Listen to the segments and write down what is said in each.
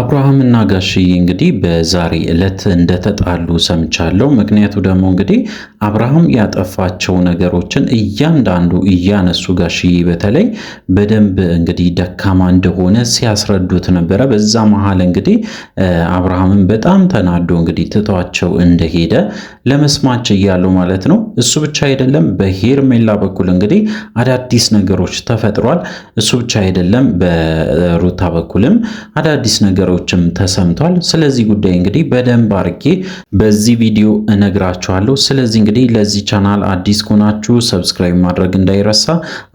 አብርሃም እና ጋሽዬ እንግዲህ በዛሬ ዕለት እንደተጣሉ ሰምቻለሁ። ምክንያቱ ደግሞ እንግዲህ አብርሃም ያጠፋቸው ነገሮችን እያንዳንዱ እያነሱ ጋሽዬ በተለይ በደንብ እንግዲህ ደካማ እንደሆነ ሲያስረዱት ነበረ። በዛ መሀል እንግዲህ አብርሃምን በጣም ተናዶ እንግዲህ ትቷቸው እንደሄደ ለመስማች ችያለሁ ማለት ነው። እሱ ብቻ አይደለም፣ በሄርሜላ በኩል እንግዲህ አዳዲስ ነገሮች ተፈጥሯል። እሱ ብቻ አይደለም፣ በሩታ በኩልም አዳዲስ ነገር ነገሮችም ተሰምቷል። ስለዚህ ጉዳይ እንግዲህ በደንብ አርጌ በዚህ ቪዲዮ እነግራችኋለሁ። ስለዚህ እንግዲህ ለዚህ ቻናል አዲስ ከሆናችሁ ሰብስክራይብ ማድረግ እንዳይረሳ፣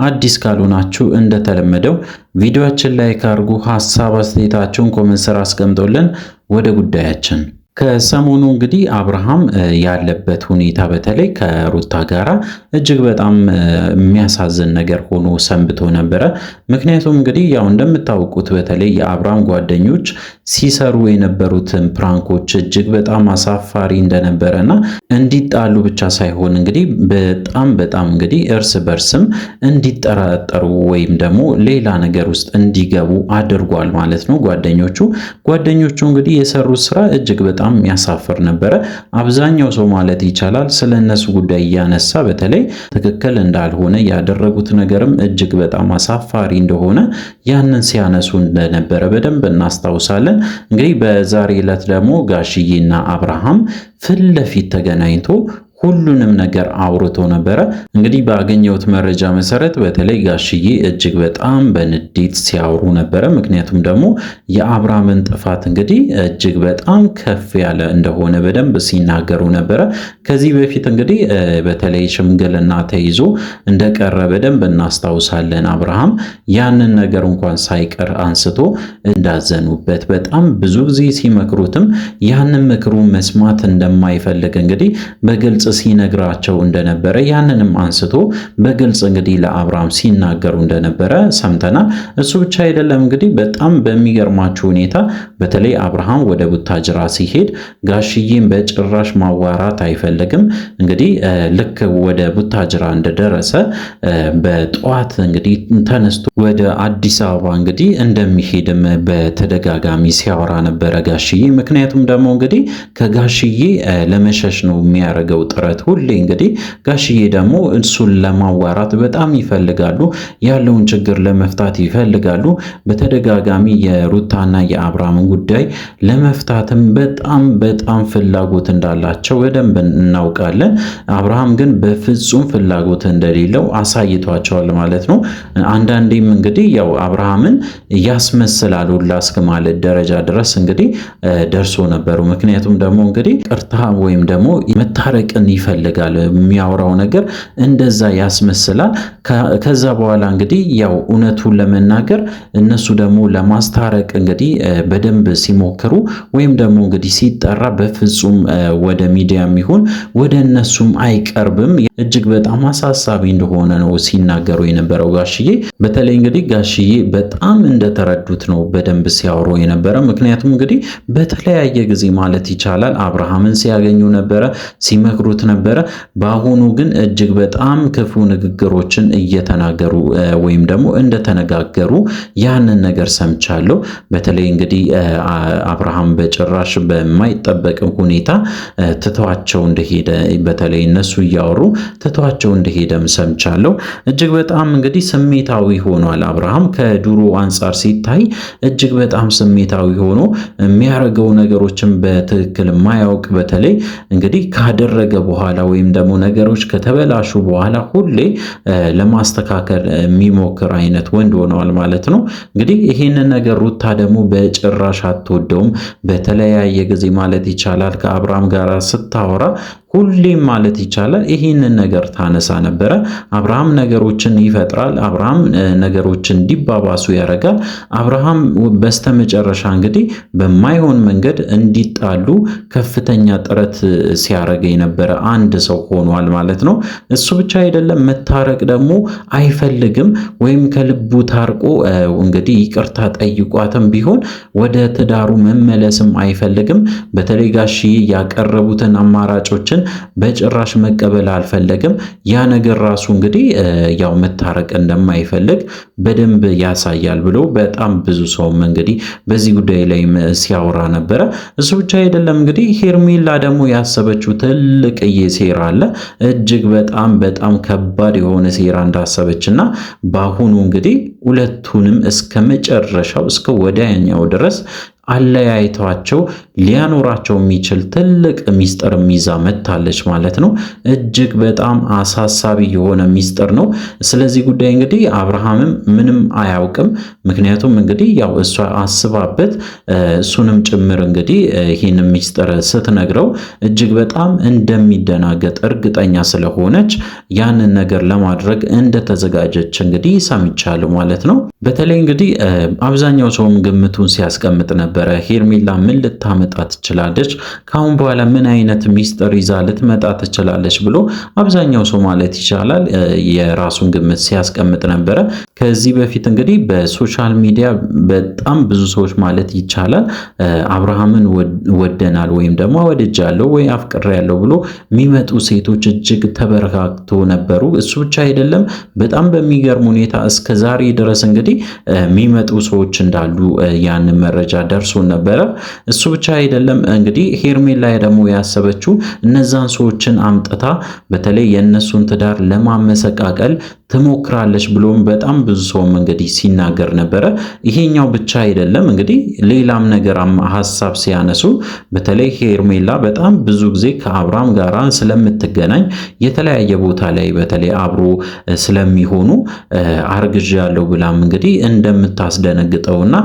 አዲስ ካልሆናችሁ እንደተለመደው ቪዲዮችን ላይ ካርጉ፣ ሀሳብ አስተያየታችሁን ኮሜንት ስር አስቀምጦልን ወደ ጉዳያችን ከሰሞኑ እንግዲህ አብርሃም ያለበት ሁኔታ በተለይ ከሩታ ጋራ እጅግ በጣም የሚያሳዝን ነገር ሆኖ ሰንብቶ ነበረ። ምክንያቱም እንግዲህ ያው እንደምታውቁት በተለይ የአብርሃም ጓደኞች ሲሰሩ የነበሩትን ፕራንኮች እጅግ በጣም አሳፋሪ እንደነበረ እና እንዲጣሉ ብቻ ሳይሆን እንግዲህ በጣም በጣም እንግዲህ እርስ በርስም እንዲጠራጠሩ ወይም ደግሞ ሌላ ነገር ውስጥ እንዲገቡ አድርጓል ማለት ነው። ጓደኞቹ ጓደኞቹ እንግዲህ የሰሩት ስራ እጅግ በጣም በጣም የሚያሳፍር ነበረ። አብዛኛው ሰው ማለት ይቻላል ስለ እነሱ ጉዳይ እያነሳ በተለይ ትክክል እንዳልሆነ ያደረጉት ነገርም እጅግ በጣም አሳፋሪ እንደሆነ ያንን ሲያነሱ እንደነበረ በደንብ እናስታውሳለን። እንግዲህ በዛሬ ዕለት ደግሞ ጋሽዬና አብርሃም ፊት ለፊት ተገናኝቶ ሁሉንም ነገር አውርቶ ነበረ። እንግዲህ ባገኘሁት መረጃ መሰረት በተለይ ጋሽዬ እጅግ በጣም በንዴት ሲያወሩ ነበረ። ምክንያቱም ደግሞ የአብርሃምን ጥፋት እንግዲህ እጅግ በጣም ከፍ ያለ እንደሆነ በደንብ ሲናገሩ ነበረ። ከዚህ በፊት እንግዲህ በተለይ ሽምግልና ተይዞ እንደቀረ በደንብ እናስታውሳለን። አብርሃም ያንን ነገር እንኳን ሳይቀር አንስቶ እንዳዘኑበት በጣም ብዙ ጊዜ ሲመክሩትም ያንን ምክሩ መስማት እንደማይፈልግ እንግዲህ በግልጽ ሲነግራቸው እንደነበረ ያንንም አንስቶ በግልጽ እንግዲህ ለአብርሃም ሲናገሩ እንደነበረ ሰምተናል። እሱ ብቻ አይደለም እንግዲህ በጣም በሚገርማችሁ ሁኔታ በተለይ አብርሃም ወደ ቡታጅራ ሲሄድ ጋሽዬን በጭራሽ ማዋራት አይፈልግም። እንግዲህ ልክ ወደ ቡታጅራ እንደደረሰ በጠዋት እንግዲህ ተነስቶ ወደ አዲስ አበባ እንግዲህ እንደሚሄድም በተደጋጋሚ ሲያወራ ነበረ ጋሽዬ። ምክንያቱም ደግሞ እንግዲህ ከጋሽዬ ለመሸሽ ነው የሚያደርገው ጥረት ሁሌ እንግዲህ ጋሽዬ ደግሞ እሱን ለማዋራት በጣም ይፈልጋሉ። ያለውን ችግር ለመፍታት ይፈልጋሉ። በተደጋጋሚ የሩታና የአብርሃምን ጉዳይ ለመፍታትም በጣም በጣም ፍላጎት እንዳላቸው በደንብ እናውቃለን። አብርሃም ግን በፍጹም ፍላጎት እንደሌለው አሳይቷቸዋል ማለት ነው። አንዳንዴም እንግዲህ ያው አብርሃምን ያስመስላል ሁላ እስከ ማለት ደረጃ ድረስ እንግዲህ ደርሶ ነበሩ። ምክንያቱም ደግሞ እንግዲህ ቅርታ ወይም ደግሞ መታረቅን ይፈልጋል፣ የሚያወራው ነገር እንደዛ ያስመስላል። ከዛ በኋላ እንግዲህ ያው እውነቱን ለመናገር እነሱ ደግሞ ለማስታረቅ እንግዲህ በደንብ ሲሞክሩ ወይም ደግሞ እንግዲህ ሲጠራ በፍጹም ወደ ሚዲያም ይሁን ወደ እነሱም አይቀርብም። እጅግ በጣም አሳሳቢ እንደሆነ ነው ሲናገሩ የነበረው ጋሽዬ። በተለይ እንግዲህ ጋሽዬ በጣም እንደተረዱት ነው በደንብ ሲያወሩ የነበረ። ምክንያቱም እንግዲህ በተለያየ ጊዜ ማለት ይቻላል አብርሃምን ሲያገኙ ነበረ ሲመክሩት ይናገሩት ነበረ። በአሁኑ ግን እጅግ በጣም ክፉ ንግግሮችን እየተናገሩ ወይም ደግሞ እንደተነጋገሩ ያንን ነገር ሰምቻለሁ። በተለይ እንግዲህ አብርሃም በጭራሽ በማይጠበቅ ሁኔታ ትተዋቸው እንደሄደ በተለይ እነሱ እያወሩ ትተዋቸው እንደሄደም ሰምቻለሁ። እጅግ በጣም እንግዲህ ስሜታዊ ሆኗል አብርሃም ከድሮ አንጻር ሲታይ እጅግ በጣም ስሜታዊ ሆኖ የሚያደርገው ነገሮችን በትክክል ማያውቅ በተለይ እንግዲህ ካደረገ በኋላ ወይም ደግሞ ነገሮች ከተበላሹ በኋላ ሁሌ ለማስተካከል የሚሞክር አይነት ወንድ ሆነዋል ማለት ነው። እንግዲህ ይህንን ነገር ሩታ ደግሞ በጭራሽ አትወደውም። በተለያየ ጊዜ ማለት ይቻላል ከአብርሃም ጋር ስታወራ ሁሌም ማለት ይቻላል ይህንን ነገር ታነሳ ነበረ። አብርሃም ነገሮችን ይፈጥራል። አብርሃም ነገሮችን እንዲባባሱ ያደርጋል። አብርሃም በስተመጨረሻ እንግዲህ በማይሆን መንገድ እንዲጣሉ ከፍተኛ ጥረት ሲያደርግ የነበረ አንድ ሰው ሆኗል ማለት ነው። እሱ ብቻ አይደለም፣ መታረቅ ደግሞ አይፈልግም ወይም ከልቡ ታርቆ እንግዲህ ይቅርታ ጠይቋትም ቢሆን ወደ ትዳሩ መመለስም አይፈልግም። በተለይ ጋሽዬ ያቀረቡትን አማራጮችን ነገሮችን በጭራሽ መቀበል አልፈለግም። ያ ነገር ራሱ እንግዲህ ያው መታረቅ እንደማይፈልግ በደንብ ያሳያል ብሎ በጣም ብዙ ሰውም እንግዲህ በዚህ ጉዳይ ላይ ሲያወራ ነበረ። እሱ ብቻ አይደለም እንግዲህ ሄርሜላ ደግሞ ያሰበችው ትልቅዬ ሴራ አለ እጅግ በጣም በጣም ከባድ የሆነ ሴራ እንዳሰበችና በአሁኑ እንግዲህ ሁለቱንም እስከ መጨረሻው እስከ ወዲያኛው ድረስ አለያይቷቸው ሊያኖራቸው የሚችል ትልቅ ሚስጥር ይዛ መጥታለች ማለት ነው። እጅግ በጣም አሳሳቢ የሆነ ሚስጥር ነው። ስለዚህ ጉዳይ እንግዲህ አብርሃምም ምንም አያውቅም። ምክንያቱም እንግዲህ ያው እሷ አስባበት እሱንም ጭምር እንግዲህ ይህን ሚስጥር ስትነግረው እጅግ በጣም እንደሚደናገጥ እርግጠኛ ስለሆነች ያንን ነገር ለማድረግ እንደተዘጋጀች እንግዲህ ሰምቻለሁ ማለት ነው። በተለይ እንግዲህ አብዛኛው ሰውም ግምቱን ሲያስቀምጥ ነበር ነበረ። ሄርሜላ ምን ልታመጣ ትችላለች? ከአሁን በኋላ ምን አይነት ሚስጥር ይዛ ልትመጣ ትችላለች? ብሎ አብዛኛው ሰው ማለት ይቻላል የራሱን ግምት ሲያስቀምጥ ነበረ። ከዚህ በፊት እንግዲህ በሶሻል ሚዲያ በጣም ብዙ ሰዎች ማለት ይቻላል አብርሃምን ወደናል ወይም ደግሞ ወድጃለሁ ወይ አፍቅሬያለሁ ብሎ የሚመጡ ሴቶች እጅግ ተበረካክቶ ነበሩ። እሱ ብቻ አይደለም፣ በጣም በሚገርም ሁኔታ እስከ ዛሬ ድረስ እንግዲህ የሚመጡ ሰዎች እንዳሉ ያንን መረጃ ደርሶን ነበረ። እሱ ብቻ አይደለም እንግዲህ ሄርሜላ ደግሞ ያሰበችው እነዛን ሰዎችን አምጥታ በተለይ የእነሱን ትዳር ለማመሰቃቀል ትሞክራለች ብሎም በጣም ብዙ ሰውም እንግዲህ ሲናገር ነበረ። ይሄኛው ብቻ አይደለም እንግዲህ ሌላም ነገር ሀሳብ ሲያነሱ በተለይ ሄርሜላ በጣም ብዙ ጊዜ ከአብርሃም ጋር ስለምትገናኝ የተለያየ ቦታ ላይ በተለይ አብሮ ስለሚሆኑ አርግዣለሁ ብላም እንግዲህ እንደምታስደነግጠውና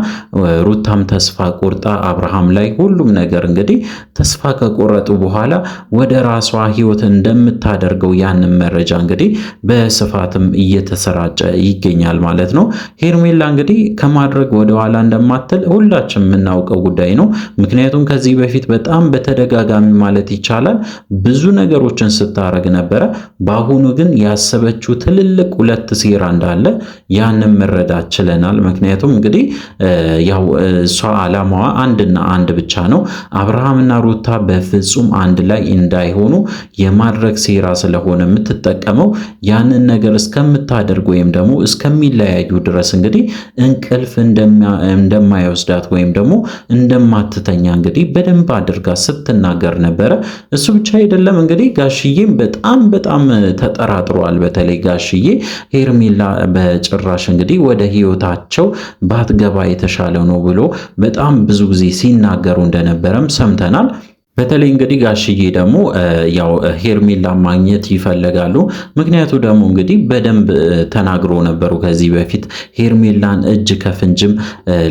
ሩታም ተስፋ ቆርጣ አብርሃም ላይ ሁሉም ነገር እንግዲህ ተስፋ ከቆረጡ በኋላ ወደ ራሷ ህይወት እንደምታደርገው ያንን መረጃ እንግዲህ በስፋትም እየተሰራጨ ይገኛል ማለት ነው። ሄርሜላ እንግዲህ ከማድረግ ወደኋላ እንደማትል ሁላችን የምናውቀው ጉዳይ ነው። ምክንያቱም ከዚህ በፊት በጣም በተደጋጋሚ ማለት ይቻላል ብዙ ነገሮችን ስታረግ ነበረ። በአሁኑ ግን ያሰበችው ትልልቅ ሁለት ሴራ እንዳለ ያንን መረዳት ችለናል። ምክንያቱም እንግዲህ ያው እሷ አላማዋ አንድና አንድ ብቻ ነው፣ አብርሃምና ሩታ በፍጹም አንድ ላይ እንዳይሆኑ የማድረግ ሴራ ስለሆነ የምትጠቀመው ያንን ነገር እስከ እስከምታደርግ ወይም ደግሞ እስከሚለያዩ ድረስ እንግዲህ እንቅልፍ እንደማይወስዳት ወይም ደግሞ እንደማትተኛ እንግዲህ በደንብ አድርጋ ስትናገር ነበረ። እሱ ብቻ አይደለም እንግዲህ ጋሽዬም በጣም በጣም ተጠራጥሯል። በተለይ ጋሽዬ ሄርሜላ በጭራሽ እንግዲህ ወደ ህይወታቸው ባትገባ የተሻለ ነው ብሎ በጣም ብዙ ጊዜ ሲናገሩ እንደነበረም ሰምተናል። በተለይ እንግዲህ ጋሽዬ ደግሞ ያው ሄርሜላ ማግኘት ይፈልጋሉ። ምክንያቱ ደግሞ እንግዲህ በደንብ ተናግሮ ነበሩ። ከዚህ በፊት ሄርሜላን እጅ ከፍንጅም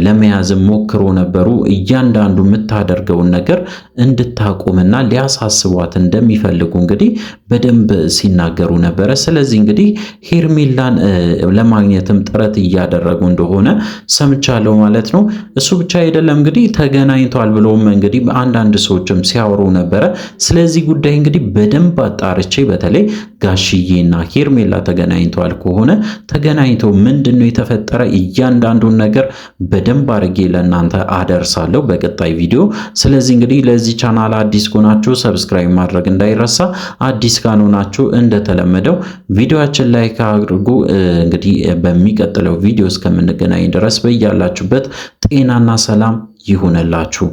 ለመያዝም ሞክሮ ነበሩ። እያንዳንዱ የምታደርገውን ነገር እንድታቁምና ሊያሳስቧት እንደሚፈልጉ እንግዲህ በደንብ ሲናገሩ ነበረ። ስለዚህ እንግዲህ ሄርሜላን ለማግኘትም ጥረት እያደረጉ እንደሆነ ሰምቻለሁ ማለት ነው። እሱ ብቻ አይደለም እንግዲህ ተገናኝቷል ብለውም እንግዲህ አንዳንድ ሰዎችም ሲያወሩ ነበረ። ስለዚህ ጉዳይ እንግዲህ በደንብ አጣርቼ በተለይ ጋሽዬና ሄርሜላ ተገናኝተዋል ከሆነ ተገናኝተው ምንድን ነው የተፈጠረ እያንዳንዱን ነገር በደንብ አድርጌ ለእናንተ አደርሳለሁ በቀጣይ ቪዲዮ። ስለዚህ እንግዲህ ለዚህ ቻናል አዲስ ከሆናችሁ ሰብስክራይብ ማድረግ እንዳይረሳ፣ አዲስ ካልሆናችሁ እንደተለመደው ቪዲዮችን ላይ አድርጉ። እንግዲህ በሚቀጥለው ቪዲዮ እስከምንገናኝ ድረስ በያላችሁበት ጤናና ሰላም ይሁንላችሁ።